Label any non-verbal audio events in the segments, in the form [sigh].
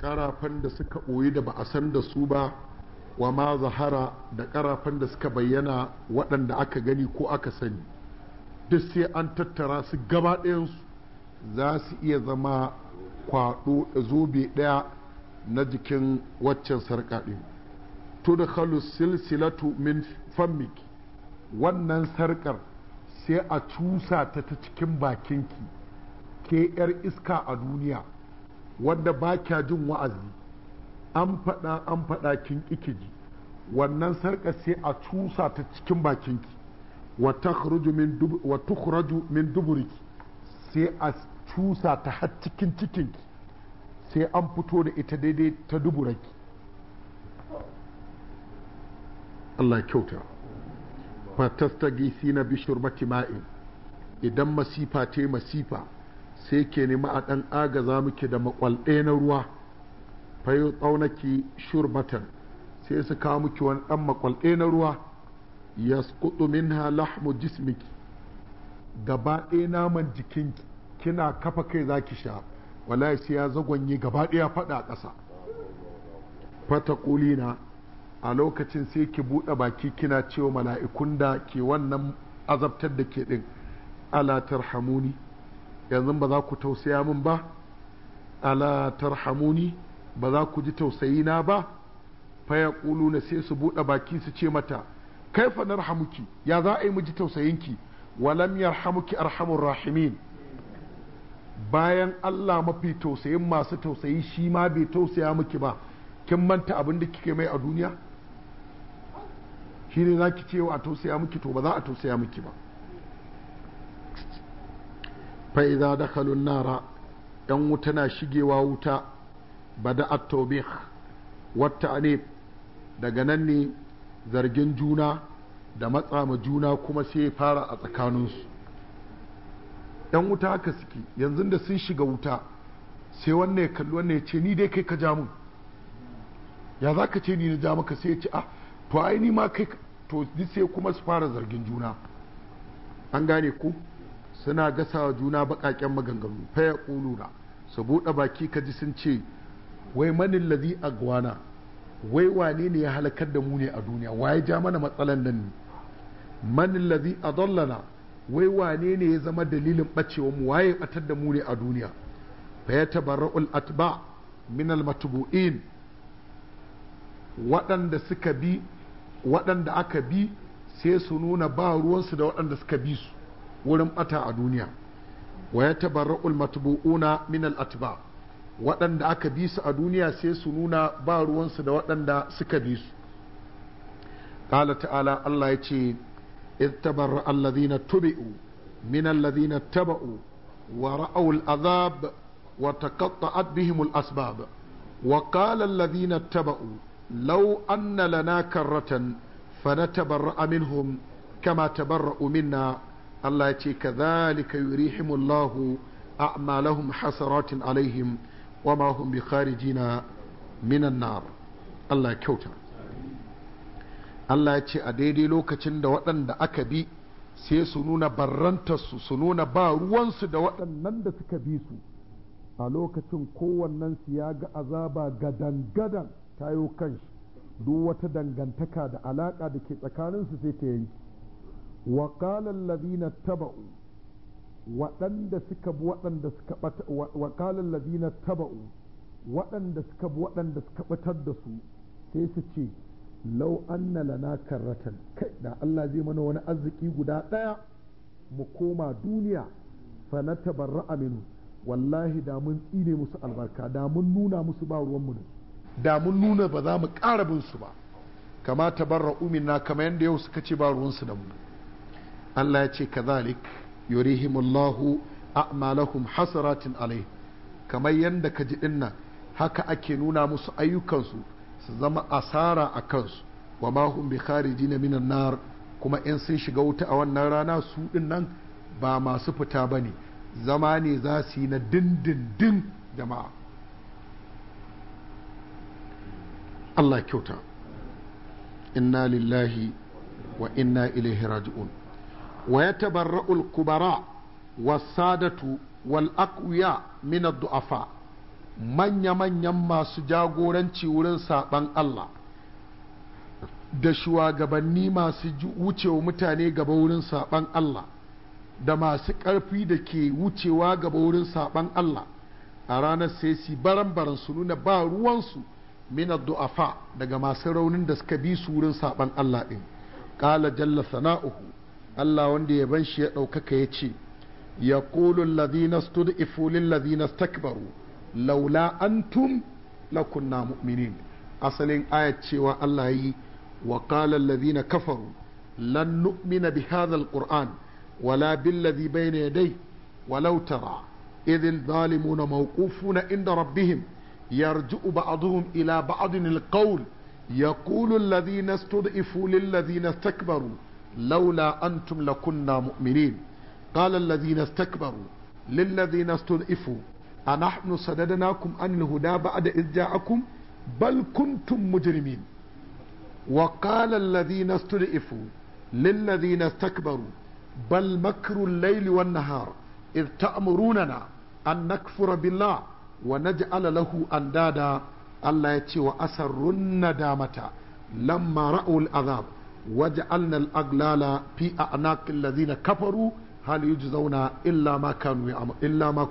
karafan da suka ɓoyi da ba a san da su ba wa ma zahara da karafan da suka bayyana waɗanda aka gani ko aka sani duk sai an tattara su gaba ɗayansu za su iya zama kwaɗo da zobe ɗaya na jikin waccan sarƙaɗe to da silsilatu min fammik wannan sarƙar sai a cusa ta ta cikin bakinki ke 'yar iska a duniya wanda ba kya jin wa'azi an faɗa an faɗa kin ji wannan sarƙa sai a cusa ta cikin bakinki wa tukhraju min duburiki sai a cusa ta har cikin cikinki sai an fito da ita daidai ta duburaki Allah kyauta fatastagisi na bishir ma'in idan masifa ce masifa sai ke nema a ɗan aga agaza muke da makwalɗe na ruwa fayo tsaunaki shurbatan sai su kawo muke wani ɗan makwalɗe na ruwa ya minha lahmu jismiki gaba ɗaya naman jikinki kina kafa kai za ki sha wallahi sai ya zagonye gaba ɗaya faɗa a ƙasa fata ƙulina a lokacin sai ki buɗe baki kina cewa mala'ikun da ke wannan azabtar da ke ɗin ala tarhamuni yanzu ba za ku tausaya min ba ala tarhamuni ba za ku ji tausayi na ba faya na sai su buɗe baki su ce mata kaifa narhamuki ya za a yi mu ji tausayinki walam yarhamuki arhamur rahimin bayan Allah mafi tausayin masu tausayi shi ma bai tausaya miki ba kin manta abin da kike mai a duniya shi ne za ki ce wa a tausaya miki to ba za a tausaya miki ba fa'iza da kalun nara ‘yan wuta na shigewa wuta ba da attobih wata daga nan ne zargin juna da matsama juna kuma sai ya fara a tsakaninsu ‘yan wuta haka suke yanzu da sun shiga wuta sai wannan ya kalli wannan ya ce ni dai kai ka ja mun ya za ka ce ni na ja maka sai ya ce ah to ai ni ma kai to sai kuma su fara zargin juna an gane ku suna gasawa juna baƙaƙen maganganu faya kuluna su buɗe baki ka ji sun ce wai manin lazi a gwana wai wane ne ya halakar da mu ne a duniya waye ja mana matsalan nan ne manin lazi a adallana wai wane ne ya zama dalilin ɓacewa mu waye ɓatar da mu ne a duniya faya tabarra'ul atba min waɗanda suka bi waɗanda aka bi sai su nuna ba ruwansu da waɗanda suka bi su wurin bata a duniya wa ya tabarra'ul matbu'una min al-atba waɗanda aka bi su a duniya sai su nuna ba ruwansu da waɗanda suka bi su qala ta'ala Allah ya ce idh tabarra alladhina tubi'u min alladhina taba'u wa ra'aw al wa taqatta'at bihim al-asbab wa qala alladhina taba'u law anna lana karratan fanatabarra'a minhum kama tabarra'u minna Allah ya ce kadhalika yurihimullahu a'malahum hasaratin alaihim wa ma hum bikharijina minan nar Allah ya ce a daidai lokacin da waɗanda aka bi sai su nuna barrantarsu su nuna ba ruwansu da waɗannan da suka bi su a lokacin kowannensu ya ga azaba gadan-gadan tayo kanshi duk wata dangantaka da alaƙa da ke tsakaninsu sai ta yanki wa qala alladhina taba'u waɗanda suka bi waɗanda suka batar da su sai su ce lau anna karratan kai da Allah zai mana wani arziki guda ɗaya mu koma duniya fa na wallahi da mun tsine musu albarka da mun nuna musu ba ruwanmu da mun nuna ba za mu ƙara bin su ba kama tabarra umina kama yadda yau suka ce ba ruwansu da mu Allah ya ce kazalik yurihimullahu a'malahum hasaratin alai kamar yadda ka ji dinnan haka ake nuna musu ayyukansu su zama asara a kansu wa ma hum bi kharijina minan nar kuma in sun shiga wuta a wannan rana su dinnan ba masu fita bane zama ne za su yi na dindindin jama'a Allah kyauta inna lillahi wa inna ilaihi raji'un wa ya tabarra'ul kubara wasadatu wal aqwiya min du'afa manya-manyan masu jagoranci wurin saɓan Allah da shugabanni masu wucewa mutane gaba wurin saɓan Allah da masu ƙarfi da ke wucewa gaba wurin saɓan Allah a ranar sai su baran-baran su nuna ba ruwansu mina du'afa daga masu raunin da suka bi su wurin saɓan Allah ɗin ƙala jalla sana'uhu Allah wanda ya ban shi ya ɗaukaka ya ce ya kulun ladina stud'ifu lil ladina stakbaru laula antum lakunna mu'minin asalin ayat cewa Allah yi wa qala kafaru lan nu'mina bi hadha alquran wala bil ladhi bayna yadayhi ولو zalimuna إذ inda rabbihim yarju'u ربهم ila بعضهم إلى بعض القول يقول الذين استضعفوا للذين استكبروا laula antum lakunna mu'minin qala alladhina istakbaru lilladhina istud'ifu anahnu sadadnakum an alhuda ba'da idh ja'akum bal kuntum mujrimin وقال الذين استضعفوا للذين استكبروا بل مكر الليل والنهار إذ تأمروننا أن نكفر بالله ونجعل له أندادا الله يتي وأسر الندامة لما رأوا العذاب waj'alna al-aglala fi a'naqi allazina kafaru hal yujzauna illa ma kanu illa ma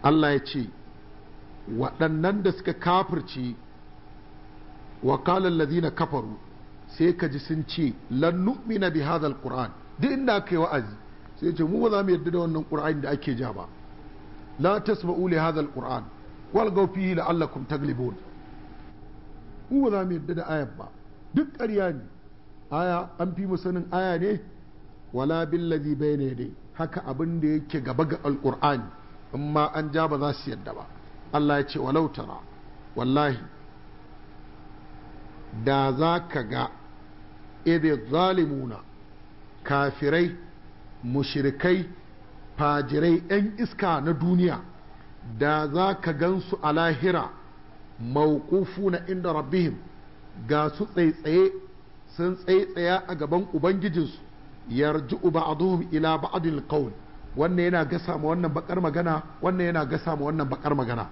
Allah ya ce waɗannan da suka kafirci wa qala allazina kafaru sai ka ji sun ce lan nu'mina bi hadha al duk inda aka yi wa'azi sai ce mu ba za mu yarda da wannan qur'ani da ake ja ba la tasma'u li hadha walgau fihi la'allakum taglibun mu ba za mu yarda da ayar ba duk ƙarya ne aya an fi sanin aya ne wala billazi bayna yadai haka abin da yake gaba ga alqur'ani in ma an ja ba za su yarda ba Allah ya ce walau tara wallahi da za ka ga idh zalimuna kafirai mushirikai, fajirai 'yan iska na duniya da za ka gansu a lahira mawqufu na inda rabbihim ga su tsaitsaye sun tsaitsaya a gaban ubangijinsu yarji'u ba'dhum ila ba'dil qawl wannan yana gasa ma wannan bakar magana wannan yana gasa ma wannan bakar magana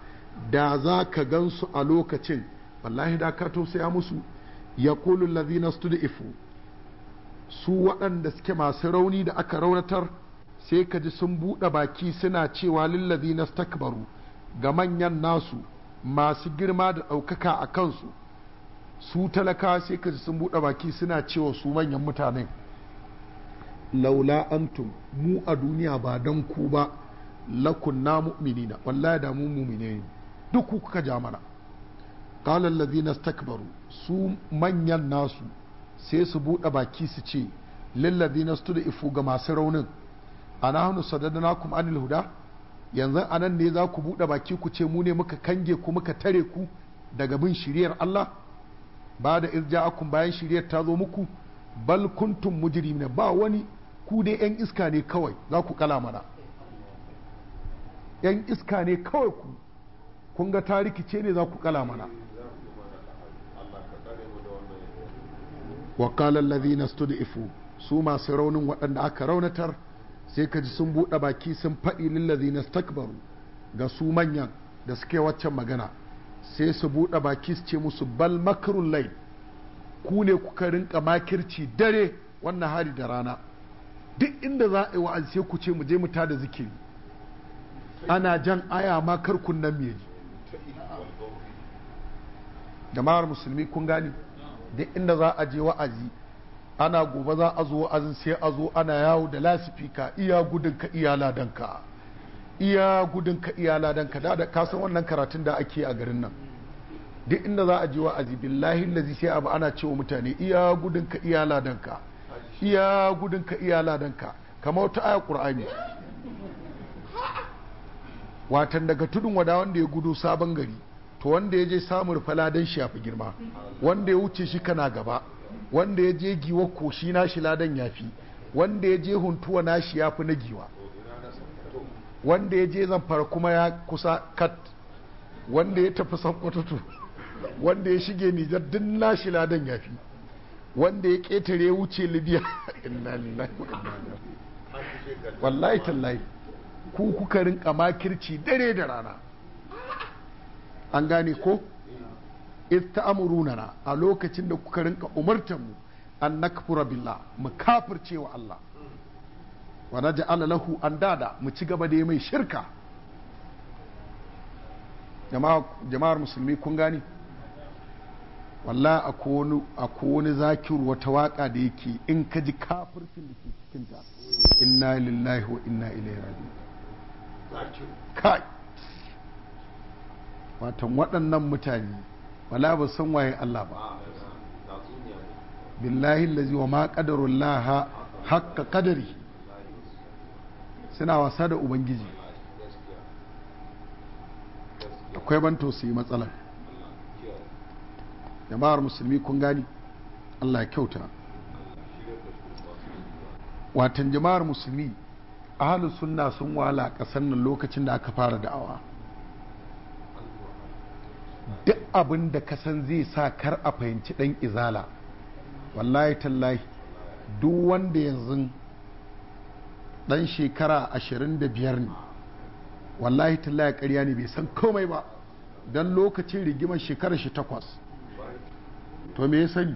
da za ka gansu a lokacin wallahi da ka tausaya musu ya kulun lazina ifu su waɗanda suke masu rauni da aka raunatar sai ka ji sun buɗe baki suna cewa lillazi na stakbaru ga manyan nasu masu girma da ɗaukaka a kansu su talaka sai ka ji sun buɗe baki suna cewa su manyan mutanen laula antum mu a duniya ba don ku ba lakunna mu'minina wallahi da mu mu'mine ne duk kuka ja mana qala allazina stakbaru su manyan nasu sai su buɗe baki su ce lillazina ifu ga masu raunin ana hannu sadadana kuma anil huda yanzu anan ne za ku buɗe baki ku ce mu ne muka kange ku muka tare ku daga bin shiriyar Allah ba da kun bayan shiriyar ta zo muku bal kuntum mujrimina ba wani ku dai yan iska ne kawai za ku kala mana yan iska ne kawai ku kun ga ta rikice ne za ku kala mana wa qala alladhina stud'ifu su masu raunin waɗanda aka raunatar sai ka ji sun buɗe baki sun faɗi lillazi na stakbaru ga su manyan da suke waccan magana sai su buɗe baki su ce musu bal makarun lai ku ne kuka rinka makirci dare wannan hari da rana duk inda za a yi wa'azi sai ku ce mu je mu tada zikiri ana jan aya ma kar kunnan me ji jama'ar musulmi kun gani duk inda za a je wa'azi ana gobe za a zo an sai a zo ana yawo da lasifika iya gudun ka iya ladanka iya gudun ka iya ladanka da ka san wannan karatun da ake a garin nan duk inda za a ji wa'azi billahi lazi sai abu ana cewa mutane iya gudun ka iya ladanka iya gudun ka iya ladanka kamar wata aya qur'ani watan daga tudun wada wanda ya gudu sabon gari to wanda ya je samun rufa ladan shi ya fi girma wanda ya wuce shi kana gaba wanda ya je giwa koshi nashi ladan ya fi wanda ya je huntuwa nashi ya fi na giwa wanda ya je zamfara kuma ya kusa kat wanda ya tafi sankwatutu wanda ya shige nijar din nashi ladan ya fi wanda ya ƙetare wuce libya [laughs] inna wallahi tallahi ku kuka rinka makirci dare da rana an gane ko na a lokacin da kuka rinka umartar mu an nakfura billa mu kafirce cewa Allah wa naj'al lahu dada mu ci gaba da ya mai shirka jama'ar musulmi kun gani walla akwai wani zakiru wata waka da yake in ka ji da ke cikinta Ina lillahi wa inna ilaihi raji'un kai watan waɗannan mutane wala ba san waye Allah ba billahi lazi wa ma qadarullaha haqqa qadari suna wasa da ubangiji akwai ban tausayi matsalar jama'ar musulmi kun gani Allah ya kyauta watan jama'ar musulmi ahalus sunna sun wala a ƙasar nan lokacin da aka fara da'awa abin da ka san zai sa kar a fahimci dan izala wallahi tallahi duk wanda yanzu dan shekara ashirin da biyar ne wallahi tallahi ƙarya ne bai san komai ba don lokacin rigimar shekarar shi takwas to me ya sani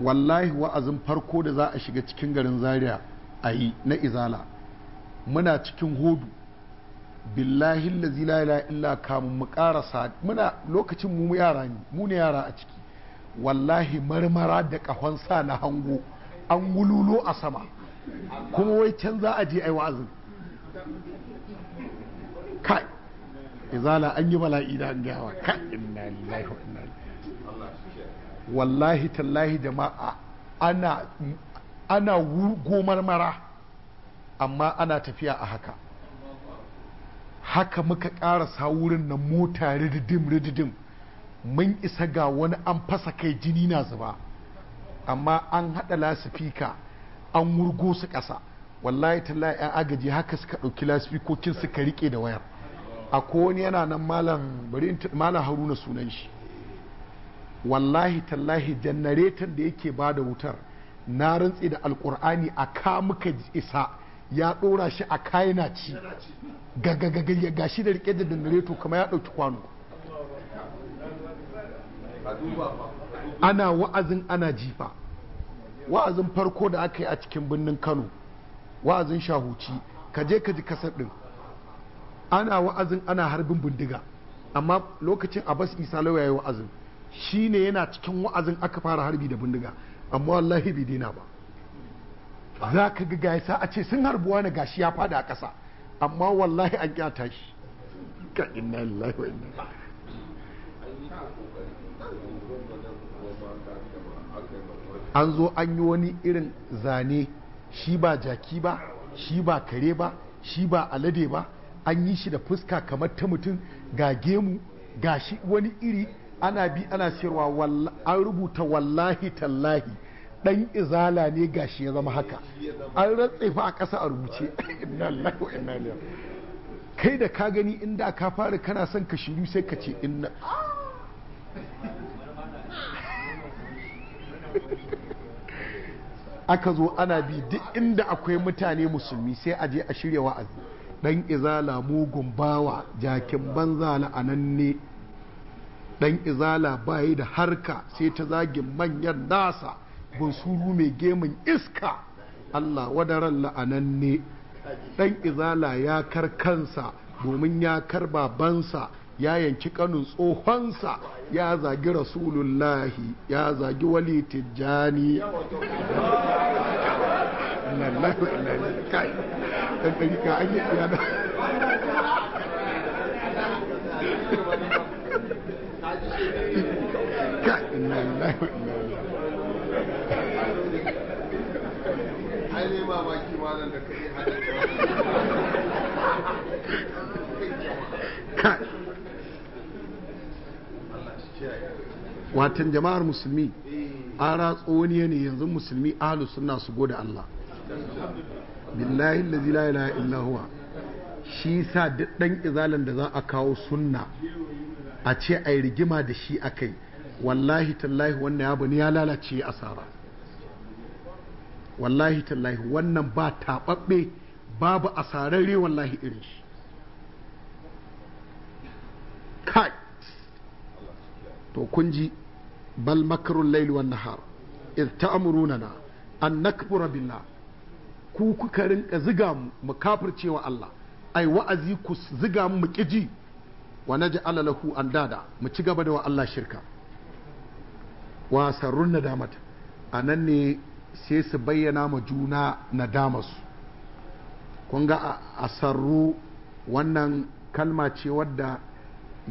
wallahi wa'azin farko da za a shiga cikin garin zaria a yi na izala muna cikin hudu billahi lazi la ila illa kamun mu karasa muna lokacin mu yara ne mu ne yara a ciki wallahi marmara da kahon sa na hango an wululo a sama kuma wai can za a je ai wa'azin kai izala an yi bala'i da an gawa kai inna lillahi wa inna wallahi tallahi jama'a ana ana gomar marmara amma ana tafiya a haka haka muka sa wurin na mota rididim rididim mun isa ga wani an fasa kai jini na zuba amma an haɗa lasifika an wurgo su ƙasa wallahi tallahi ya agaji haka suka ɗauki lasifikokin suka riƙe da wayar a wani yana nan malam bari malam haruna sunan shi wallahi tallahi janaretan da yake ba da wutar na rantse da alƙur'ani a ka muka isa ya ɗora shi a kayana ci gagagagaga ga shi da rike da dandareto kama ya ɗauki kwano ana wa'azin ana jifa wa'azin farko da aka yi a cikin birnin kano wa'azin shahuci ka je ka ji kasar ɗin ana wa'azin ana harbin bindiga amma lokacin a bas isa lauya ya yi wa'azin shi ne yana cikin wa'azin aka fara harbi da bindiga amma wallahi bai daina ba za ka ga gaisa a ce sun harbuwa na gashi ya fada a ƙasa amma wallahi an kyata tashi ka inna lillahi wa inna an zo an yi wani irin zane shi ba jaki ba shi ba kare ba shi ba alade ba an yi shi da fuska kamar ta mutum ga gemu ga shi wani iri ana bi ana sayarwa an rubuta wallahi tallahi dan izala ne gashi ya zama haka an ratse fa a ƙasa a rubuce inna lillahi wa inna ilaihi kai da ka gani inda ka fara kana son ka shiru sai ka ce inna aka zo ana bi duk inda akwai mutane musulmi sai a je a shirya wa'azi dan izala mugun bawa jakin banza la'ananne dan izala bayi da harka sai ta zagin manyan nasa bunsuru mai gemun iska Allah wadaran la'ananne ɗan izala ya kar kansa domin ya kar babansa ya yanki kanun tsohonsa ya zagi rasulullahi ya zagi wali tijjani [laughs] watan jama'ar musulmi a ratso wani yanzu musulmi ahlu sunna su goda Allah billahi allazi la ilaha illa huwa shi sa duk dan izalan da za a kawo sunna a ce a yi rigima da shi a kai. wallahi tallahi wannan ya ya lalace asara wallahi tallahi wannan ba taɓaɓɓe babu asararre wallahi irin shi kai to kun ji bal makarun laili wan nahar iz na an nakfura billah ku kuka rinka ziga mu mu kafircewa Allah ai wa'azi ku ziga mu mu kiji wa naj'ala lahu andada mu ci gaba da wa Allah shirka wasarrun nadamata a nan ne sai su bayyana ma juna nadamasu kun ga sarru wannan kalma ce wadda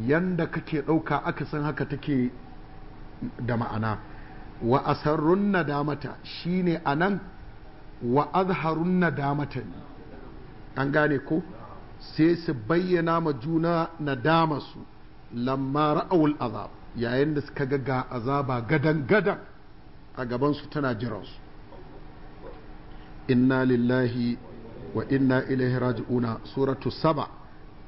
yanda kake ɗauka aka san haka take da ma'ana wa asarrun nadamata shine a nan wa azharun nadamata ne an gane ko sai su bayyana ma juna nadamasu lamma ra'awul azab yayin da suka ga azaba gadan gadan a gabansu tana jiransu inna lillahi wa inna ilaihi raji'una suratu saba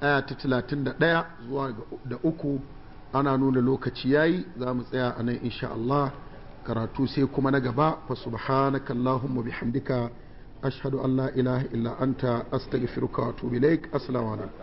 aya ta talatin da ɗaya zuwa da uku ana nuna lokaci yayi za mu tsaya a nan insha Allah karatu sai kuma na gaba fa subhanaka allahumma bihamdika ashhadu an la ilaha illa anta astaghfiruka wa atubu ilaik assalamu alaikum